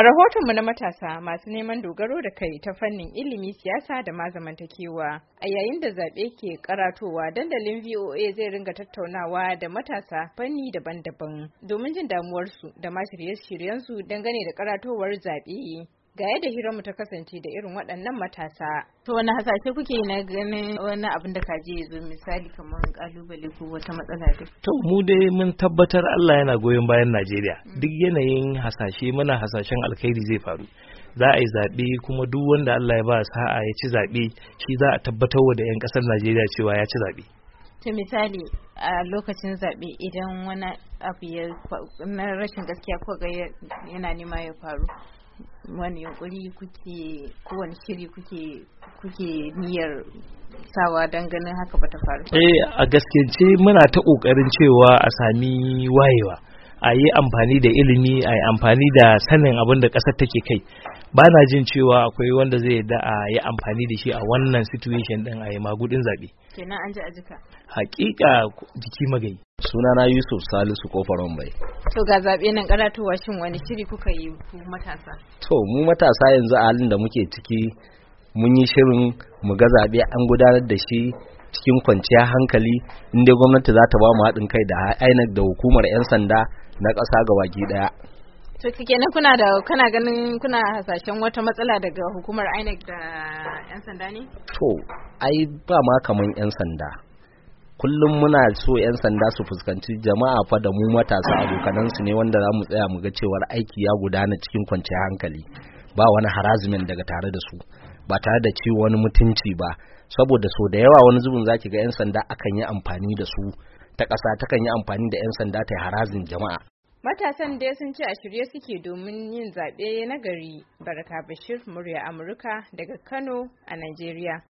A rahotonmu na matasa masu neman dogaro da kai ta fannin ilimi siyasa da ma zamantakewa a yayin da zaɓe ke karatowa dandalin VOA zai ringa tattaunawa da matasa fanni daban-daban domin jin damuwarsu da ma shirye-shiryensu dangane da karatowar zaɓe. ga yadda mu ta kasance da irin waɗannan matasa. To wani hasashe kuke na ganin wani abin da kaji ya zo misali kamar kalubale ko wata matsala da To mu dai mun tabbatar Allah yana goyon bayan Najeriya. Mm. Duk yanayin hasashe muna hasashen alkhairi zai faru. Za a yi zaɓe kuma duk wanda Allah ya ba sa'a ya ci zaɓe shi za a tabbatar wa da 'yan ƙasar Najeriya cewa ya ci zaɓe. ta misali a lokacin zaɓe idan wani abu ya na rashin gaskiya ko ga yana nema ya faru wani yunkuri kuke kowane shiri kuke kuke niyyar sawa don ganin haka ba ta faru eh a gaskiyance muna ta kokarin cewa a sami wayewa a yi amfani da ilimi a yi amfani da sanin abin da ƙasar take kai ba na jin cewa akwai wanda zai da a yi amfani da shi a wannan situation din a yi magudin zaɓe kenan an ji a jika hakika jiki magayi Suna na yusuf salisu kofar bai to ga zaɓe nan karatowa shin wani shiri kuka yi ku matasa to mu matasa yanzu a halin da muke ciki mun yi shirin mu ga zaɓe an gudanar da shi cikin kwanciyar hankali inda gwamnati za ta ba mu haɗin kai da INEC da hukumar 'yan sanda na ƙasa ga baki ɗaya. To kenan kuna da kana ganin kuna hasashen wata matsala daga hukumar INEC da 'yan sanda ne? To ai ba ma kamar 'yan sanda. kullum muna so 'yan sanda su fuskanci jama'a fa da mu matasa abokanansu ne wanda za mu tsaya mu ga cewar aiki ya gudana cikin kwanciyar hankali ba wani harazimin daga tare da su ba tare da ci wani mutunci ba saboda so da yawa wani zubin zaki ga 'yan sanda akan yi amfani da su ta ƙasa takan yi amfani da 'yan sanda ta harazin jama'a matasan dai sun ce a shirye suke domin yin zaɓe na gari barka bashir murya amurka daga kano a najeriya